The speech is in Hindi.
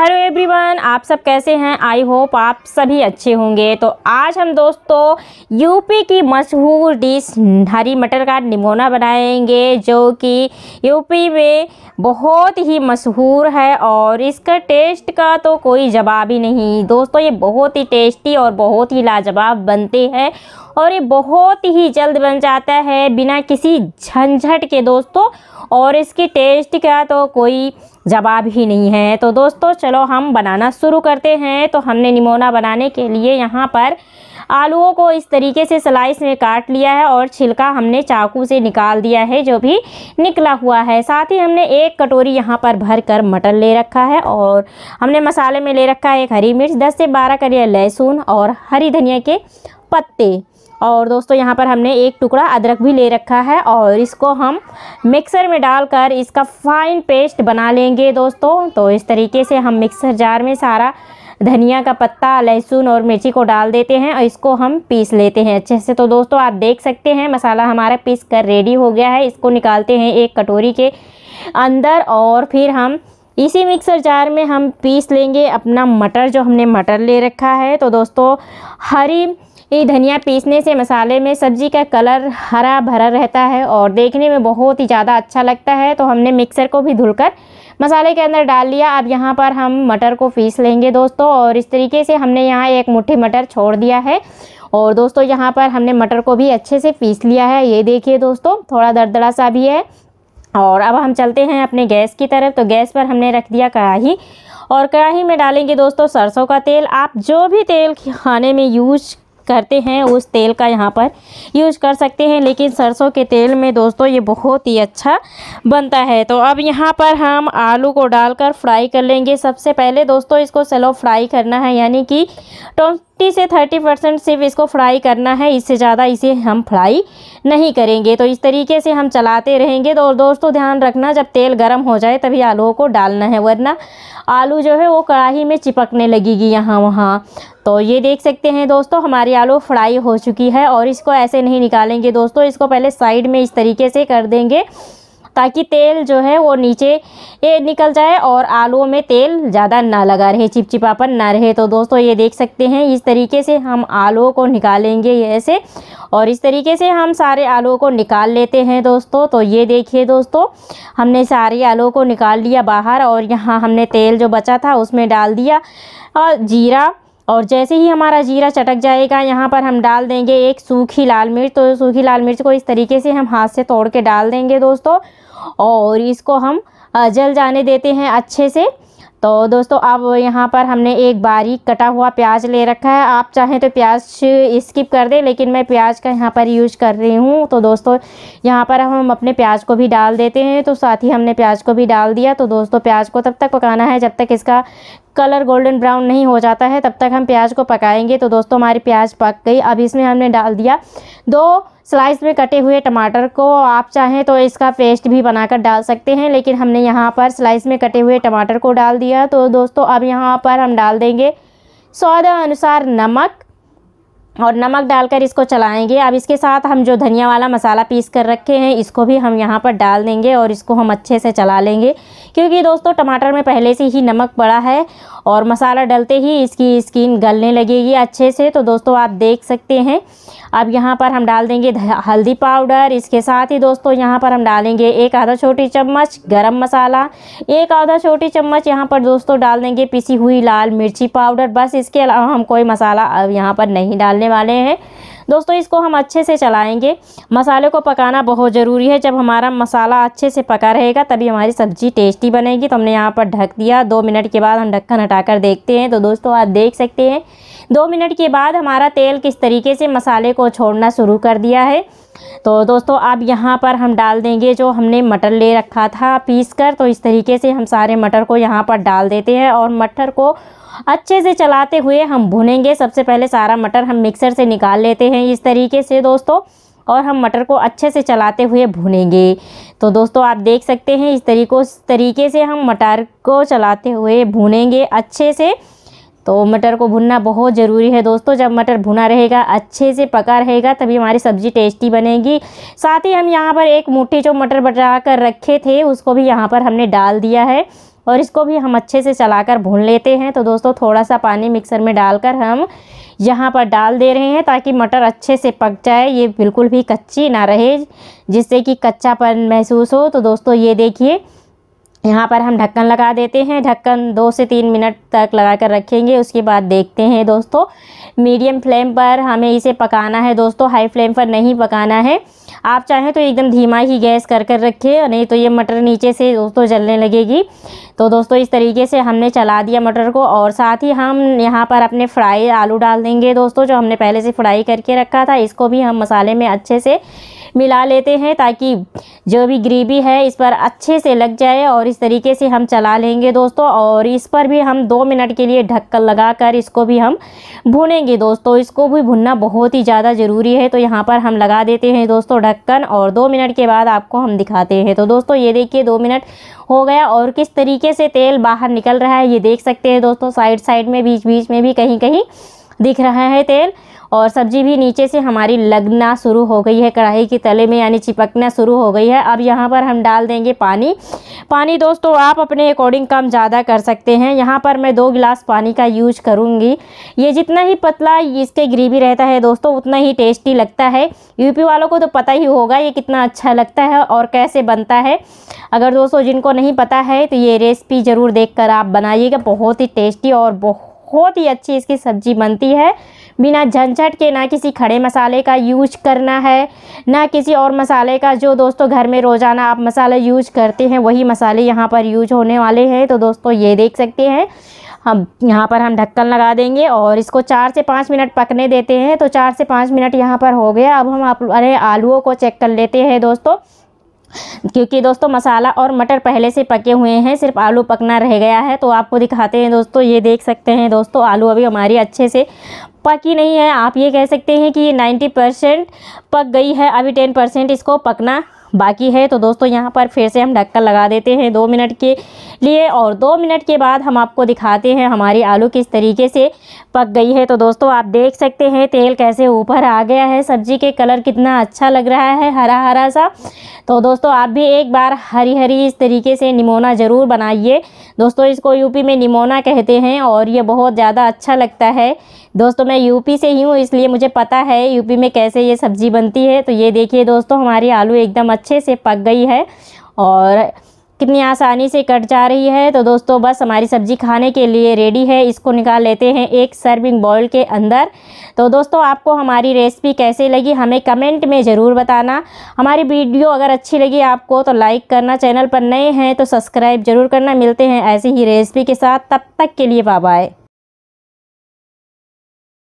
हेलो एवरीवन आप सब कैसे हैं आई होप आप सभी अच्छे होंगे तो आज हम दोस्तों यूपी की मशहूर डिश हरी मटर का निमोना बनाएंगे जो कि यूपी में बहुत ही मशहूर है और इसका टेस्ट का तो कोई जवाब ही नहीं दोस्तों ये बहुत ही टेस्टी और बहुत ही लाजवाब बनते हैं और ये बहुत ही जल्द बन जाता है बिना किसी झंझट के दोस्तों और इसके टेस्ट का तो कोई जवाब ही नहीं है तो दोस्तों चलो हम बनाना शुरू करते हैं तो हमने निमोना बनाने के लिए यहाँ पर आलूओं को इस तरीके से स्लाइस में काट लिया है और छिलका हमने चाकू से निकाल दिया है जो भी निकला हुआ है साथ ही हमने एक कटोरी यहाँ पर भर कर मटर ले रखा है और हमने मसाले में ले रखा है एक हरी मिर्च दस से बारह करिए लहसुन और हरी धनिया के पत्ते और दोस्तों यहाँ पर हमने एक टुकड़ा अदरक भी ले रखा है और इसको हम मिक्सर में डालकर इसका फाइन पेस्ट बना लेंगे दोस्तों तो इस तरीके से हम मिक्सर जार में सारा धनिया का पत्ता लहसुन और मिर्ची को डाल देते हैं और इसको हम पीस लेते हैं अच्छे से तो दोस्तों आप देख सकते हैं मसाला हमारा पीस कर रेडी हो गया है इसको निकालते हैं एक कटोरी के अंदर और फिर हम इसी मिक्सर जार में हम पीस लेंगे अपना मटर जो हमने मटर ले रखा है तो दोस्तों हरी ये धनिया पीसने से मसाले में सब्ज़ी का कलर हरा भरा रहता है और देखने में बहुत ही ज़्यादा अच्छा लगता है तो हमने मिक्सर को भी धुलकर मसाले के अंदर डाल लिया अब यहाँ पर हम मटर को पीस लेंगे दोस्तों और इस तरीके से हमने यहाँ एक मुट्ठी मटर छोड़ दिया है और दोस्तों यहाँ पर हमने मटर को भी अच्छे से पीस लिया है ये देखिए दोस्तों थोड़ा दरदरा सा भी है और अब हम चलते हैं अपने गैस की तरफ तो गैस पर हमने रख दिया कढ़ाही और कढ़ाही में डालेंगे दोस्तों सरसों का तेल आप जो भी तेल खाने में यूज करते हैं उस तेल का यहाँ पर यूज कर सकते हैं लेकिन सरसों के तेल में दोस्तों ये बहुत ही अच्छा बनता है तो अब यहाँ पर हम आलू को डालकर फ्राई कर लेंगे सबसे पहले दोस्तों इसको सेलो फ्राई करना है यानी कि टोस्ट 20 से 30 परसेंट सिर्फ इसको फ्राई करना है इससे ज़्यादा इसे हम फ्राई नहीं करेंगे तो इस तरीके से हम चलाते रहेंगे तो दोस्तों ध्यान रखना जब तेल गर्म हो जाए तभी आलूओं को डालना है वरना आलू जो है वो कढ़ाही में चिपकने लगेगी यहाँ वहाँ तो ये देख सकते हैं दोस्तों हमारी आलू फ्राई हो चुकी है और इसको ऐसे नहीं निकालेंगे दोस्तों इसको पहले साइड में इस तरीके से कर देंगे ताकि तेल जो है वो नीचे ये निकल जाए और आलूओं में तेल ज़्यादा ना लगा रहे चिपचिपापन ना रहे तो दोस्तों ये देख सकते हैं इस तरीके से हम आलूओं को निकालेंगे ऐसे और इस तरीके से हम सारे आलूओं को निकाल लेते हैं दोस्तों तो ये देखिए दोस्तों हमने सारे आलूओं को निकाल लिया बाहर और यहाँ हमने तेल जो बचा था उसमें डाल दिया और जीरा और जैसे ही हमारा जीरा चटक जाएगा यहाँ पर हम डाल देंगे एक सूखी लाल मिर्च तो सूखी लाल मिर्च को इस तरीके से हम हाथ से तोड़ के डाल देंगे दोस्तों और इसको हम जल जाने देते हैं अच्छे से तो दोस्तों अब यहाँ पर हमने एक बारीक कटा हुआ प्याज ले रखा है आप चाहें तो प्याज स्किप कर दें लेकिन मैं प्याज का यहाँ पर यूज कर रही हूँ तो दोस्तों यहाँ पर हम अपने प्याज को भी डाल देते हैं तो साथ ही हमने प्याज को भी डाल दिया तो दोस्तों प्याज को तब तक पकाना है जब तक इसका कलर गोल्डन ब्राउन नहीं हो जाता है तब तक हम प्याज को पकाएंगे तो दोस्तों हमारी प्याज पक गई अब इसमें हमने डाल दिया दो स्लाइस में कटे हुए टमाटर को आप चाहें तो इसका पेस्ट भी बनाकर डाल सकते हैं लेकिन हमने यहाँ पर स्लाइस में कटे हुए टमाटर को डाल दिया तो दोस्तों अब यहाँ पर हम डाल देंगे स्वाद अनुसार नमक और नमक डालकर इसको चलाएंगे अब इसके साथ हम जो धनिया वाला मसाला पीस कर रखे हैं इसको भी हम यहाँ पर डाल देंगे और इसको हम अच्छे से चला लेंगे क्योंकि दोस्तों टमाटर में पहले से ही नमक पड़ा है और मसाला डलते ही इसकी स्किन गलने लगेगी अच्छे से तो दोस्तों आप देख सकते हैं अब यहाँ पर हम डाल देंगे हल्दी पाउडर इसके साथ ही दोस्तों यहाँ पर हम डालेंगे एक आधा छोटी चम्मच गरम मसाला एक आधा छोटी चम्मच यहाँ पर दोस्तों डाल देंगे पिसी हुई लाल मिर्ची पाउडर बस इसके अलावा हम कोई मसाला अब यहाँ पर नहीं डालने वाले हैं दोस्तों इसको हम अच्छे से चलाएंगे मसाले को पकाना बहुत ज़रूरी है जब हमारा मसाला अच्छे से पका रहेगा तभी हमारी सब्ज़ी टेस्टी बनेगी तो हमने यहाँ पर ढक दिया दो मिनट के बाद हम ढक्कन हटाकर देखते हैं तो दोस्तों आप देख सकते हैं दो मिनट के बाद हमारा तेल किस तरीके से मसाले को छोड़ना शुरू कर दिया है तो दोस्तों अब यहाँ पर हम डाल देंगे जो हमने मटर ले रखा था पीस कर तो इस तरीके से हम सारे मटर को यहाँ पर डाल देते हैं और मटर को अच्छे से चलाते हुए हम भुनेंगे सबसे पहले सारा मटर हम मिक्सर से निकाल लेते हैं इस तरीके से दोस्तों और हम मटर को अच्छे से चलाते हुए भुनेंगे तो दोस्तों आप देख सकते हैं इस तरीको तरीके से हम मटर को चलाते हुए भुनेंगे अच्छे से तो मटर को भुनना बहुत ज़रूरी है दोस्तों जब मटर भुना रहेगा अच्छे से पका रहेगा तभी हमारी सब्ज़ी टेस्टी बनेगी साथ ही हम यहाँ पर एक मुट्ठी जो मटर बटा कर रखे थे उसको भी यहाँ पर हमने डाल दिया है और इसको भी हम अच्छे से चलाकर भून लेते हैं तो दोस्तों थोड़ा सा पानी मिक्सर में डालकर हम यहाँ पर डाल दे रहे हैं ताकि मटर अच्छे से पक जाए ये बिल्कुल भी कच्ची ना रहे जिससे कि कच्चापन महसूस हो तो दोस्तों ये देखिए यहाँ पर हम ढक्कन लगा देते हैं ढक्कन दो से तीन मिनट तक लगा कर रखेंगे उसके बाद देखते हैं दोस्तों मीडियम फ्लेम पर हमें इसे पकाना है दोस्तों हाई फ्लेम पर नहीं पकाना है आप चाहें तो एकदम धीमा ही गैस कर कर रखें नहीं तो ये मटर नीचे से दोस्तों जलने लगेगी तो दोस्तों इस तरीके से हमने चला दिया मटर को और साथ ही हम यहाँ पर अपने फ्राई आलू डाल देंगे दोस्तों जो हमने पहले से फ्राई करके रखा था इसको भी हम मसाले में अच्छे से मिला लेते हैं ताकि जो भी ग्रेवी है इस पर अच्छे से लग जाए और इस तरीके से हम चला लेंगे दोस्तों और इस पर भी हम दो मिनट के लिए ढक्कन लगाकर इसको भी हम भुनेंगे दोस्तों इसको भी भुनना बहुत ही ज़्यादा ज़रूरी है तो यहाँ पर हम लगा देते हैं दोस्तों ढक्कन और दो मिनट के बाद आपको हम दिखाते हैं तो दोस्तों ये देखिए दो मिनट हो गया और किस तरीके से तेल बाहर निकल रहा है ये देख सकते हैं दोस्तों साइड साइड में बीच बीच में भी कहीं कहीं दिख रहा है तेल और सब्ज़ी भी नीचे से हमारी लगना शुरू हो गई है कढ़ाई के तले में यानी चिपकना शुरू हो गई है अब यहाँ पर हम डाल देंगे पानी पानी दोस्तों आप अपने अकॉर्डिंग कम ज़्यादा कर सकते हैं यहाँ पर मैं दो गिलास पानी का यूज करूँगी ये जितना ही पतला इसके ग्रेवी रहता है दोस्तों उतना ही टेस्टी लगता है यूपी वालों को तो पता ही होगा ये कितना अच्छा लगता है और कैसे बनता है अगर दोस्तों जिनको नहीं पता है तो ये रेसिपी ज़रूर देख कर आप बनाइएगा बहुत ही टेस्टी और बहुत बहुत ही अच्छी इसकी सब्ज़ी बनती है बिना झंझट के ना किसी खड़े मसाले का यूज करना है ना किसी और मसाले का जो दोस्तों घर में रोज़ाना आप मसाला यूज करते हैं वही मसाले यहाँ पर यूज होने वाले हैं तो दोस्तों ये देख सकते हैं हम यहाँ पर हम ढक्कन लगा देंगे और इसको चार से पाँच मिनट पकने देते हैं तो चार से पाँच मिनट यहाँ पर हो गया अब हम अपने आलुओं को चेक कर लेते हैं दोस्तों क्योंकि दोस्तों मसाला और मटर पहले से पके हुए हैं सिर्फ आलू पकना रह गया है तो आपको दिखाते हैं दोस्तों ये देख सकते हैं दोस्तों आलू अभी हमारी अच्छे से पकी नहीं है आप ये कह सकते हैं कि ये नाइन्टी परसेंट पक गई है अभी टेन परसेंट इसको पकना बाकी है तो दोस्तों यहाँ पर फिर से हम ढक्कन लगा देते हैं दो मिनट के लिए और दो मिनट के बाद हम आपको दिखाते हैं हमारी आलू किस तरीके से पक गई है तो दोस्तों आप देख सकते हैं तेल कैसे ऊपर आ गया है सब्जी के कलर कितना अच्छा लग रहा है हरा हरा सा तो दोस्तों आप भी एक बार हरी हरी इस तरीके से निमोना ज़रूर बनाइए दोस्तों इसको यूपी में निमोना कहते हैं और ये बहुत ज़्यादा अच्छा लगता है दोस्तों मैं यूपी से ही हूँ इसलिए मुझे पता है यूपी में कैसे ये सब्ज़ी बनती है तो ये देखिए दोस्तों हमारी आलू एकदम अच्छे से पक गई है और कितनी आसानी से कट जा रही है तो दोस्तों बस हमारी सब्ज़ी खाने के लिए रेडी है इसको निकाल लेते हैं एक सर्विंग बॉल के अंदर तो दोस्तों आपको हमारी रेसिपी कैसे लगी हमें कमेंट में ज़रूर बताना हमारी वीडियो अगर अच्छी लगी आपको तो लाइक करना चैनल पर नए हैं तो सब्सक्राइब ज़रूर करना मिलते हैं ऐसे ही रेसिपी के साथ तब तक के लिए बाय